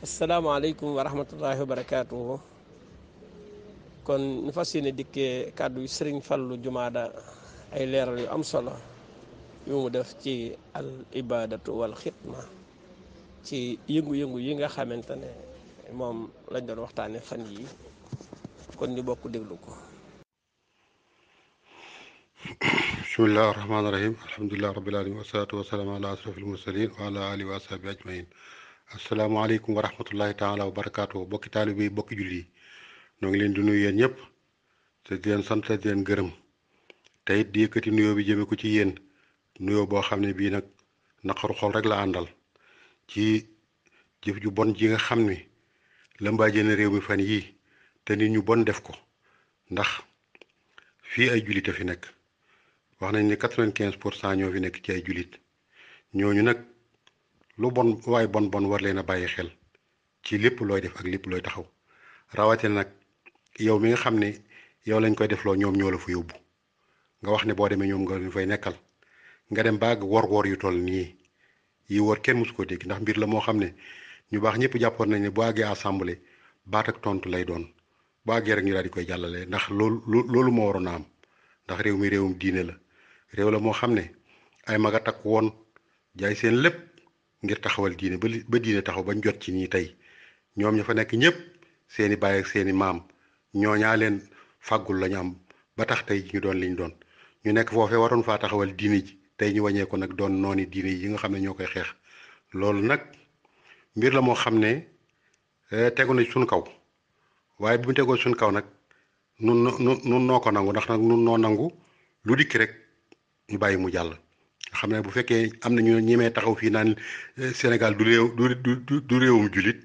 asalaamaaleykum wa rahmatullahi wa barakaatuhu kon ñu fas yéene dikkee kàddu sëriñ Fallu Jumaada ay leeral yu am solo yu mu def ci al ibadatu wal xidma ci yëngu-yëngu yi nga xamante ne moom lañ doon waxtaane fan yi kon ñu bokk déglu ko bismillahi rahmaani rahim alhamdulillahi rabbil alamin wasalaatu wasalaamu ala asrafil mursalin wa ala alihi wa ashabi ajmain asalaamaaleykum wa rahmatullahi taala wa barakaatu bokki taalibe yi bokki julli ñoo ngi leen di nuyu yéen ñëpp te di leen sant di leen gërëm te it di yëkkati nuyoo bi jëme ko ci yéen nuyoo boo xam ne bii nag naqaru xol rek la àndal ci jëf ju bon ji nga xam ni lëmbaaje na réew mi fan yii te nit ñu bon def ko ndax fii ay jullit a fi nekk wax nañ ni quatre-vingt-quinze pour cent ñoo fi nekk ci ay jullit ñooñu nag. lu bon waaye bon bon war leen a bàyyi xel ci lépp looy def ak lépp looy taxaw rawatina nag yow mi nga xam ne yow lañ koy def loo ñoom ñoo la fu yóbbu nga wax ne boo demee ñoom nga leen fay nekkal nga dem baag wor-wor yu toll nii yi wor kenn mosu ko dégg ndax mbir la moo xam ne ñu baax ñëpp jàppoon nañ ne boo àggee assemblée baat ak tontu lay doon bu rek ñu daal di koy jàllale ndax loolu loolu moo waroon a am ndax réew mi réewum diine la réew la moo xam ne ay mag a takk woon jaay seen lépp. ngir taxawal diine ba ba diine taxaw bañ jot ci nii tey ñoom ña fa nekk ñëpp seeni baay ak seeni maam ñooñaa leen fàggul lañu am ba tax tey ñu doon liñ doon ñu nekk foofee waroon faa taxawal diine ji tey ñu wàññeeku nag doon nooni diine yi nga xam ne ñoo koy xeex loolu nag mbir la moo xam ne eh, tegu na suñ kaw waaye bi mu tegoo suñ kaw nag nun nun noo ko nangu ndax nag nun noo nangu lu dikk rek ñu bàyyi mu jàll xam ne bu fekkee am na ñu ñemee taxaw fii naan eh, Sénégal du réew du du réewum jullit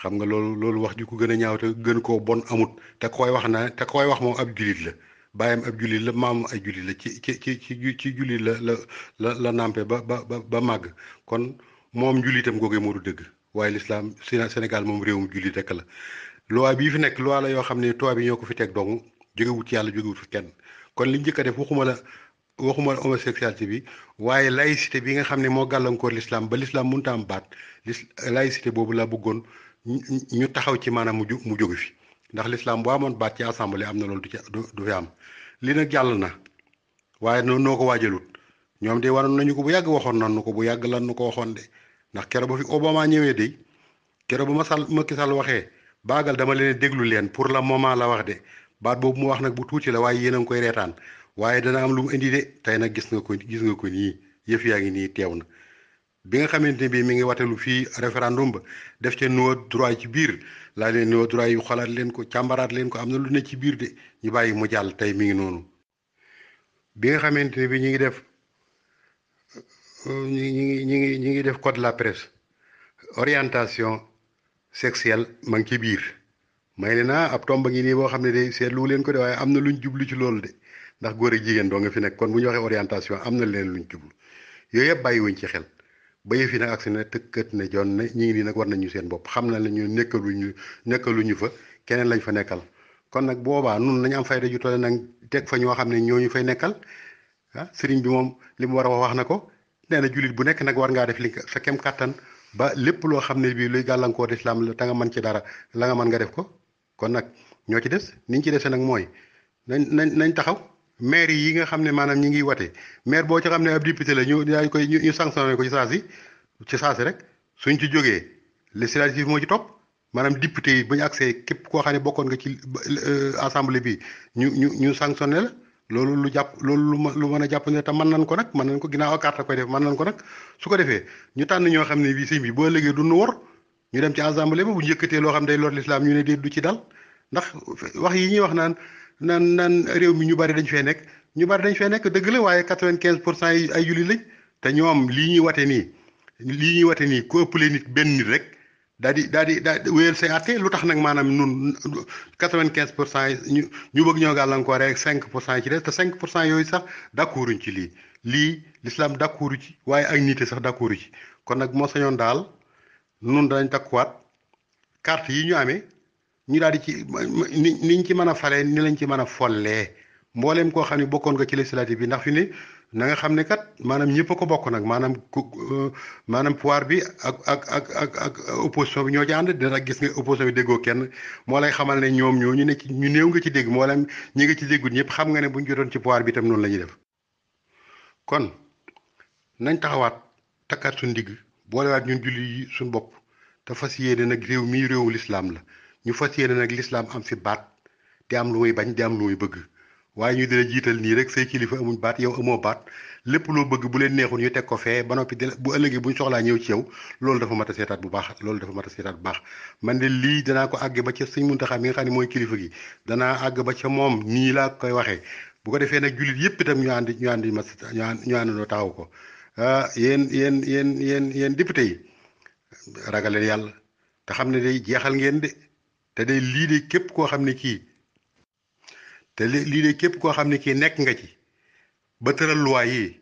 xam nga loolu loolu wax ji ko gën a ñaaw te gën koo bon amut te koy wax naa te koy wax moom ab jullit la bàyyam ab jullit la maam ay jullit la ci ci ci ci ci jullit la la la la nàmpe ba ba ba màgg kon moom jullitam googee moo du dëgg waaye lislaam Sénégal moom réewum jullit rek la loi bii fi nekk loi la yoo xam ne tubaab bi ñoo ko fi teg dong jógewut ci yàlla jógewut fi kenn kon liñ njëkk a waxuma homosexualité bi waaye laïcité bi nga xam ne moo gàllankoor l'islam ba l'islam mënut a am baat laïcité boobu la bëggoon ñu taxaw ci maanaam mu mu jóge fi ndax l'islam boo amoon baat ci assemblée am na loolu du ci du fi am li na jàll na waaye noonu noo ko waajalut ñoom de wanoon nañu ko bu yàgg waxoon nañu ko bu yàgg lan nu ko waxoon de ndax keroog ba fi Obama ñëwee de keroog ba ma sal Macky Sall waxee baagal dama leen déglu leen pour la moment la wax de baat boobu mu wax nag bu tuuti la waaye yéen a ngi koy reetaan waaye dana am lu mu indi de tey nag gis nga ko gis nga ko nii yëf yaa ngi nii teew na bi nga xamante ne bii mi ngi watelu fii référendum ba def ca nouveau droit ci biir laa leen nouveau droit yu xalaat leen ko càmbaraat leen ko am na lu ne ci biir de ñu bàyyi mu jàll tey mi ngi noonu bi nga xamante ne bii ñu ngi def ñu ngi ñu ngi ñu ngi def code la presse orientation sexuelle ma ci biir may ne naa ah, ab tomba ngi nii boo xam ne de seetlu leen ko de waaye am na lu luñ jublu ci loolu de ndax góor ak jigéen doo nga fi nekk kon bu ñu waxee orientation am na leen luñ jublu yooyu yëpp bàyyi wuñ ci xel ba yëf yi nag agsi na tëkkat ne jon ne ñi ngi nii nag war nañu seen bopp xam na ne ñu nekkaluñu nekkaluñu fa keneen lañ fa nekkal kon nag boobaa nun nañu am fayda ju toll nag teg fa ñoo xam ne ñooñu fay nekkal ah sëriñ bi moom li mu war a wax na ko nee na jullit bu nekk nag war ngaa def li sa kàttan ba lépp loo xam ne bii luy gàllankoor des la ta nga mën ci dara la nga mën nga def ko kon nag ñoo ci des niñ ci dese nag mooy nañ nañ nañ taxaw maire yi nga xam ne maanaam ñi ngi wate mair boo ci xam ne ab député la ñu daañu koy ñu sanctionné ko ci saa si ci saa rek suñ ci jógee législative moo ci topp maanaam député yi bu ñu accès képp koo xam ne bokkoon nga ci euh, assemblée bi ñu ñu ñu sanctionné la loolu lu jàpp loolu lu ma lu mën a jàpp ne te mën nañ ko nag mën nañ ko ginnaaw ak carte koy def mën nañ ko nag su ko defee ñu tànn ñoo xam ne bii sëñ bi boo ëllëgee du nu wor ñu dem ci assemblée ba bu ñu yëkkatee loo xam day lor l'islam ñu ne déet du ci dal ndax wax ñuy wax naan naan naan réew mi ñu bari dañ fee nekk ñu bari dañ fee nekk dëgg la waaye quatre quinze pour cent yi ay jullit lañ te ñoom lii ñuy wate nii lii ñuy wate nii ku ëppale nit benn nit rek daal di daal di daal di wéyal say lu tax nag maanaam nun quatre-vingt-quinze pour cent ñu ñu bëgg ñoo gàllankoor rek cinq pour cent ci des cinq pour cent yooyu sax d'accorduñ ci lii lii l'islam d'accordu ci waaye ak nit sax d'accordu ci kon nag moo sañoon daal nun daañ takkuwaat carte yi ñu amee ñu daal di ci ni niñ ci mën a falee ni lañ ci mën a follee mbooleem koo xam ne bokkoon nga ci législative bi ndax fi ne na xam ne kat maanaam ñëpp ko bokk nag maanaam euh, maanaam pouvoir bi ak ak ak ak ak opposition bi ñoo ci ànd dina gis nga opposition bi déggoo kenn moo lay xamal ne ñoom ñoo ñu ne ñu néew nga ci dégg mbooleem ñi nga ci déggul ñëpp xam nga ne bu ñu jotoon ci pouvoir bi itam noonu la def kon nañ taxawaat takkaat suñ ndigg boolewaat ñun julli yi suñ bopp te fas yéene nag réew mii réewu lislaam la ñu fas yéene nag lislaam am fi baat di am lu muy bañ di am lu muy bëgg waaye ñu dina jiital nii rek say kilifa amuñ baat yow amoo baat lépp loo bëgg bu leen neexul ñu teg ko fee ba noppi bu ëllëgee buñ soxlaa ñëw ci yaw loolu dafa mat a seetaat bu baax loolu dafa mat a seetaat baax man de lii danaa ko àgg ba ca sëñ Muntaxa mi nga xam ne mooy kilifa gi danaa àgg ba ca moom nii laa koy waxee bu ko defee nag jullit yépp itam ñu ànd ñu ànd ma ñu àndandoo taxaw ko ah yéen yéen yéen yéen yéen député yi ragaleen yàlla te de lii de képp koo xam ne kii te lii de képp koo xam ne kii nekk nga ci ba tëral luwaay yi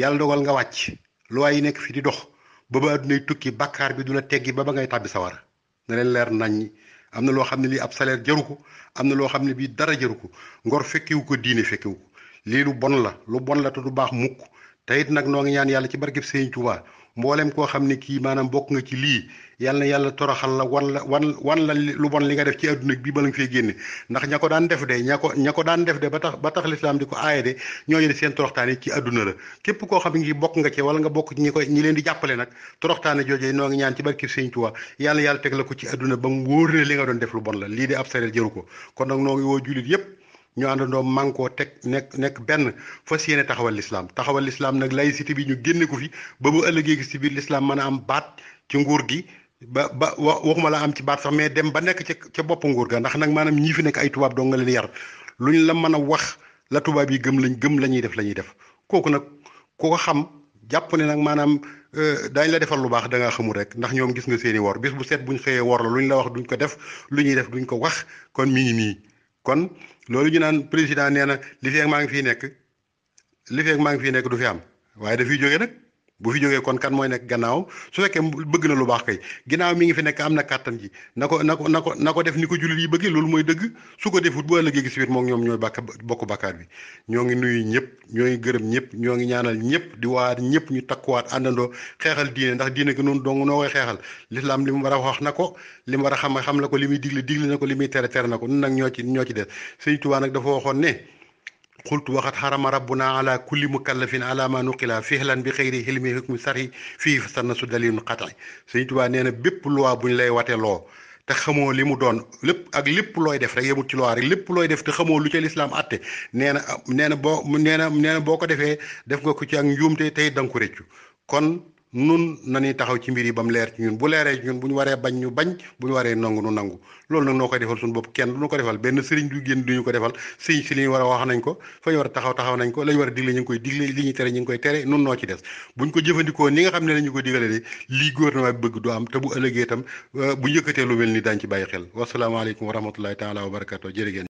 yàlla dogal nga wàcc luwaay yi nekk fi di dox ba ba addunay tukki bàkkaar bi du la teggi ba ba ngay tàbbi sawara na leen leer naññ am na loo xam ne lii ab saleer jaru ko am na loo xam ne bii dara jaru ko ngor fekkiwu ko diine fekkiwu ko lii lu bon la lu bon la te du baax mukk te it nag noo ngi ñaan yàlla ci barkeb Sëriñ Tuubaa mboolem koo xam ne kii maanaam bokk nga ci lii yal na yàlla toroxal la wan la wan wan la lu bon li nga def ci adduna bi ba la nga fay génne ndax ña ko daan def de ña ko ña ko daan def de ba tax ba tax lislaam di ko aaye ñooñu de seen toroxtaane ci adduna képp koo xam ne ngi bokk nga ci wala nga bokk ci ñi koy ñi leen di jàppale nag toroxtaane jooje noo ngi ñaan ci barki Sëñ Tuubaa yàlla teg la ko ci adduna ba mu wóor ne li doon def lu bon la lii de ab sareel jëru ko kon nag noo ngi woo jullit yépp ñu àndandoo mànkoo teg nekk nekk benn fas yéene taxawal lislaam taxawal lislaam nag laïcité bi ñu génne ko fi ba bu ëllëgee si biir lislaam mën a am baat ci nguur gi ba ba waxuma la am ci baat sax mais dem ba nekk ca bopp nguur ga ndax nag maanaam ñii fi nekk ay tubaab doo nga leen yar ñu la mën a wax la tubaab yi gëm lañ gëm la ñuy def la ñuy def kooku nag ku ko xam jàpp ne nag maanaam euh, daañ la defal lu baax da ngaa xamul rek ndax ñoom gis nga seeni wor bis bu set buñ xëyee wor la luñ la wax duñ ko def lu ñuy def duñ ko wax kon mi ngi nii kon loolu ñu naan président nee na li feeg maa ngi fii nekk li feeg maa ngi fii nekk du fi am waaye dafiy jóge nag. bu fi jógee kon kan mooy nekk gannaaw su fekkee bëgg na lu baax kay ginnaaw mi ngi fi nekk am na kàttan ji na ko na ko na ko na ko def ni ko jullit yi bëggee loolu mooy dëgg su ko defut bu ëllëgee gi si biir moom ñoom ñooy bàkk bokk bàkkaat bi ñoo ngi nuyu ñëpp ñoo gërëm ñëpp ñoo ngi ñaanal ñëpp di waat ñëpp ñu takkuwaat àndandoo xeexal diine ndax diine gi noonu dong noo koy xeexal lislaam li mu war a wax na ko li mu war a xam xam la ko li muy digle digle na ko li muy tere tere na ko nun nag ñoo ci ñoo ci des sëñ Tuubaa nag dafa waxoon ne qultu waxat xarama rabbuna ala kulli mukallafin ala ma nuqila fihlan bi xëyri xilmi hukmi sarhi fii fasar na su dalilun xati Sëriñ Tuubaa nee na bépp loi bu ñu lay wate loo te xamoo li mu doon lépp ak lépp looy def rek yemut ci loi rek lépp looy def te xamoo lu ca lislaam àtte nee na nee na boo nee na nee na boo ko defee def nga ko ci ak njuumte tey danga ko rëccu nun nañuy taxaw ci mbir yi ba mu leer ci ñun bu leeree ci ñun bu ñu waree bañ ñu bañ bu ñu waree nangu nu nangu loolu nag noo koy defal suñu bopp kenn du ñu ko defal benn sëriñ du génn du ko defal sëriñ si li ñu wax nañ ko fa ñu taxaw nañ ko la ñu war a digle ñu ngi koy digle li ñuy tere ñu ngi koy tere nun noo ci des bu ñu ko jëfandikoo ni nga xam ne la ñu ko digalee de lii gouvernement bi bëgg du am te bu ëllëgee itam euh, bu njëkkatee lu mel ni daañ ci bàyyi xel wasalaamaaleykum wa rahmatullahi taala wa barakatu jërëgéen